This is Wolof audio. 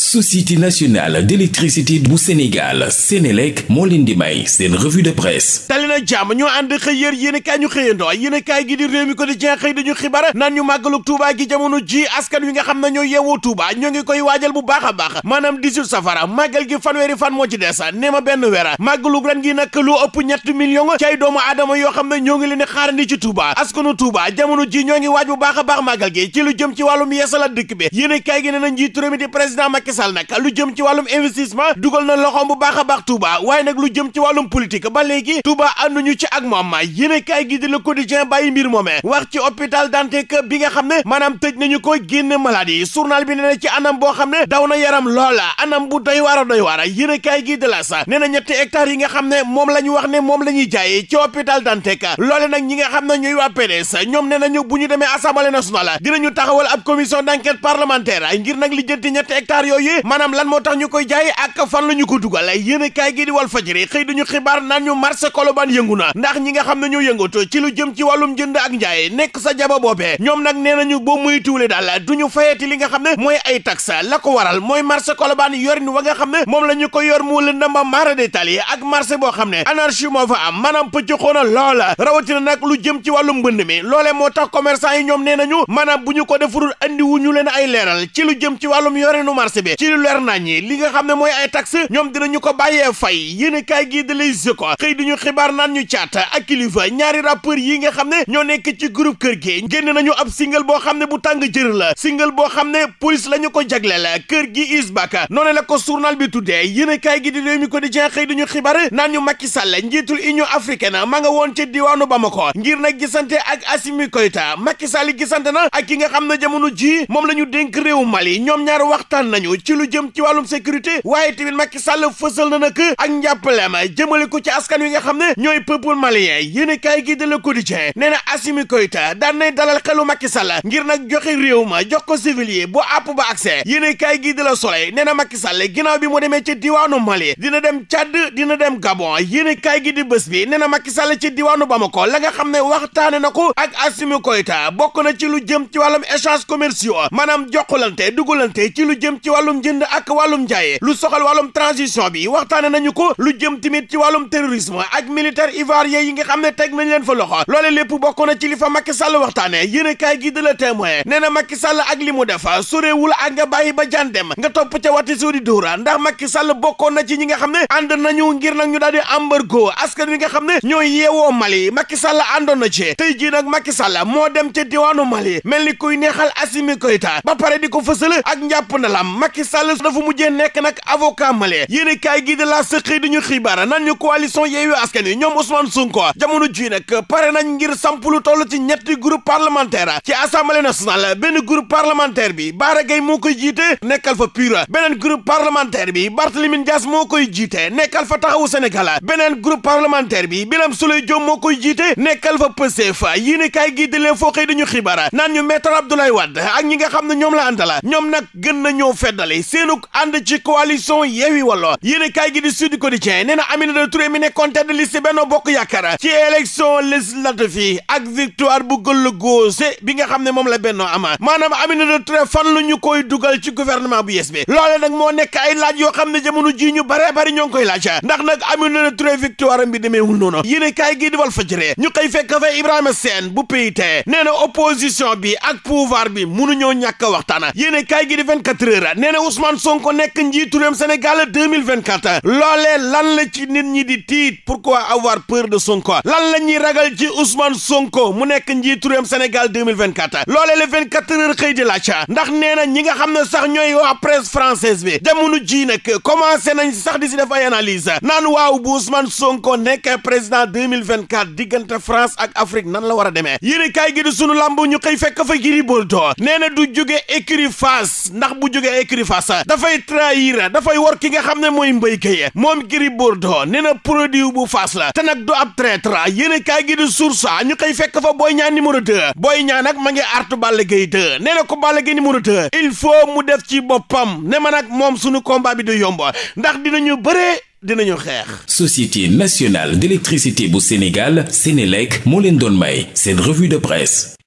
société nationale d'électricité bu Sénégal Sénélec moo leen di may seen revue de presse tali na jàmm ñoo ànd xëy yér yéen i kaay ñu xëyandoo yéen i kaay gi di réew mi ko di jeex xëy dañu xibaar naan ñu màggalug Touba gi jamono ji askan wi nga xam ne ñoo yeewoo Touba ñoo ngi koy waajal bu baax a baax maanaam 18 safara màggal gi fanweeri fan moo ci des nee ma benn weer màggalug ren gi nag lu ëpp ñetti million ci ay doomu aadama yoo xam ne ñoo ngi leen di xaarandi ci Touba askanu Touba jamono ji ñoo ngi waaj baax a baax màggal gi ci lu jëm Macky Sall nag lu jëm ci wàllum investissement dugal na loxoom bu baax a baax Touba waaye nag lu jëm ci wàllum politique ba léegi Touba ànduñu ci ak moom yéene kaay gi di Le Quotidien bàyyi mbir moomee wax ci hôpital Dantec bi nga xam ne maanaam tëj nañu ko génn maladie journal bi nee na ci anam boo xam ne daw na yaram loola anam bu doy waar a doy waar yéene kaay gi de na ñetti hectares yi nga xam ne moom la ñu wax ne moom la ñuy ci hôpital Dantec loole yooyu maanaam lan moo tax ñu koy jaay ak fan la ñu ko dugal yéen a kaay gi di Walf Fadjri xëy dañu xibaar naan ñu marché Colobane yëngu na ndax ñi nga xam ne ñoo yëngatu ci lu jëm ci wàllum jënd ak njaay nekk sa jaba boobee ñoom nag nee ñu boo muy tuule daal du ñu fayeeti li nga xam ne mooy ay taxe la ko waral mooy marché Colobane yorin wa nga xam ne moom la ñu ko yor mu lëndëm ba mara détail yi ak marché boo xam ne anarchie moo fa am maanaam pëccëxoona loola rawatina nag lu jëm wàllum mbënd mi moo tax commerçant yi ñoom nee nañu maanaam bu ko defarul andi wu leen ay leeral ci lu jëm ci wàllum yorinu marché taxe bi ci lu leer naññi li nga xam ne mooy ay taxe ñoom dinañu ko bàyyee fay yéen kaay gii da lay si ko xëy ñu xibaar naan ñu caat ak kilifa ñaari rappeur yi nga xam ne ñoo nekk ci groupe kër gi génn nañu ab single boo xam ne bu tàng jër la single boo xam ne police la ñu ko la kër gi is baka noonu la ko journal bi tuddee yéen kaay gi di réew mi ko di jeex xëy diñu xibaar naan ñu Macky Sall njiitul Union africaine ma nga woon ci diwaanu Bamako ngir nag gisante ak Assimi Koïta Macky Sall gisante na ak ki nga xam ne jamono ji moom la ñu dénk réew Mali ñoom ñaar waxtaan nañu gaañu ci lu jëm ci wàllum sécurité waaye tamit Macky Sall fësal na nag ak njàppaleem jëmale ko ci askan wi nga xam ne ñooy peuple malien yéen i kaay gi de ko Quotidien nee na Assimi Koïta daan nay dalal xelu Macky Sall ngir nag joxe réew ma jox ko civilier bu àpp ba accès yéen i kaay gi de Le Soleil nee na Macky Sall ginnaaw bi mu demee ci diwaanu Mali dina dem cadd dina dem Gabon yéen i kaay gi di bés bi nee na Macky Sall ci diwaanu Bamako la nga xam ne waxtaane na ko ak Assimi Koïta bokk na ci lu jëm ci wàllum échange commerciaux maanaam jokkalante dugalante ci lu jëm ci wàllum jënd ak wàllum jaay lu soxal wàllum transition bi waxtaane nañu ko lu jëm tamit ci wàllum terrorisme ak militaire yi nga xam ne teg nañ leen fa loxo loole lépp bokk na ci li fa Macky Sall waxtaane yéen kaay gi de la témoin nee na Macky Sall ak li mu def sorewul ak nga bàyyi ba jaan dem nga topp ca wati soo di dóora ndax Macky Sall bokkoon na ci ñi nga xam ne ànd nañu ngir nag ñu daal di embargo askan wi nga xam ne ñooy yeewoo Mali Macky Sall àndoon na ci tey jii nag Macky Sall moo dem ca diwaanu Mali mel ni kuy neexal Assimi Koïta ba pare di ko fësal ak njàpp na lam Macky na dafa mujjee nekk nag avocat male yéen i kaay gi de la sëqëy di ñu xibaar naan ñu coalition Yewwi Askan Wi ñoom Ousmane Sonko jamono ji nag pare nañ ngir samp lu toll ci ñetti groupe parlementaire ci assemblée nationale benn groupe parlementaire bi Bara Gaye moo koy jiite nekkal fa PUR beneen groupe parlementaire bi Barthélémy Dias moo koy jiite nekkal fa taxawu Sénégal beneen groupe parlementaire bi Birame Souleye Diop moo koy jiite nekkal fa Pastef yéen i kaay gi de leen foo xëy dañu xibaar naan ñu maître Abdoulaye Wade ak ñi nga xam ne ñoom la ànda la ñoom nag gën na ñoo fedd dale seenuk ànd ci coalition Yewwi Wallu yéen kaay gi di Sud Quotidien nee na Aminata Touré mi nekkoon tête de liste Benno Bokk Yaakaar ci élection législative yi ak victoire bu gëll góose bi nga xam ne moom la Benno ama maanaam Aminata Touré fan lu ñu koy dugal ci gouvernement bu yes bi loole nag moo nekk ay laaj yoo xam ne jamono ji ñu bare bari ñoo ngi koy laaj ndax nag Aminata Touré victoire am bi demeewul noonu yéen kaay gi di Walf Fadjri ñu koy fekk fay bi ak pouvoir bi mënuñoo ñàkk a waxtaan nee na Ousmane Sonko nekk njiitu réewum Sénégal 2024 loolee lan la ci nit ñi di tiit pourquoi avoir peur de Sonko lan la ñuy ragal ci Ousmane Sonko mu nekk njiitu réewum Sénégal 2024 loolee le 24 heures xëy di laaj ndax nee na ñi nga xam ne sax ñooy waa presse française bi jamono ji nag commencé nañ sax di si def ay analyse naan waaw bu Ousmane Sonko nekk président 2024 diggante France ak Afrique nan la war a demee yéen kaay gi di sunu lamb ñu xëy fekk fa Gris Bordeaux nee na du jóge écurie Fass ndax bu jógee écurie écurie Fass dafay trahir dafay wor ki nga xam ne mooy Mbaye Gueye moom Gris Bordeaux nee na produit bu Fass la te nag du ab traître yéen kaay gi di source ñu koy fekk fa Boy Niang numéro 2 booy Niang nag ma ngi artu Balla Gaye 2 nee na ko Balla Gaye numéro 2 il faut mu def ci boppam ne ma nag moom sunu combat bi du yomb ndax dinañu bëree dinañu xeex. Société nationale d'électricité bu Sénégal Sénélec moo leen doon may seen revue de presse.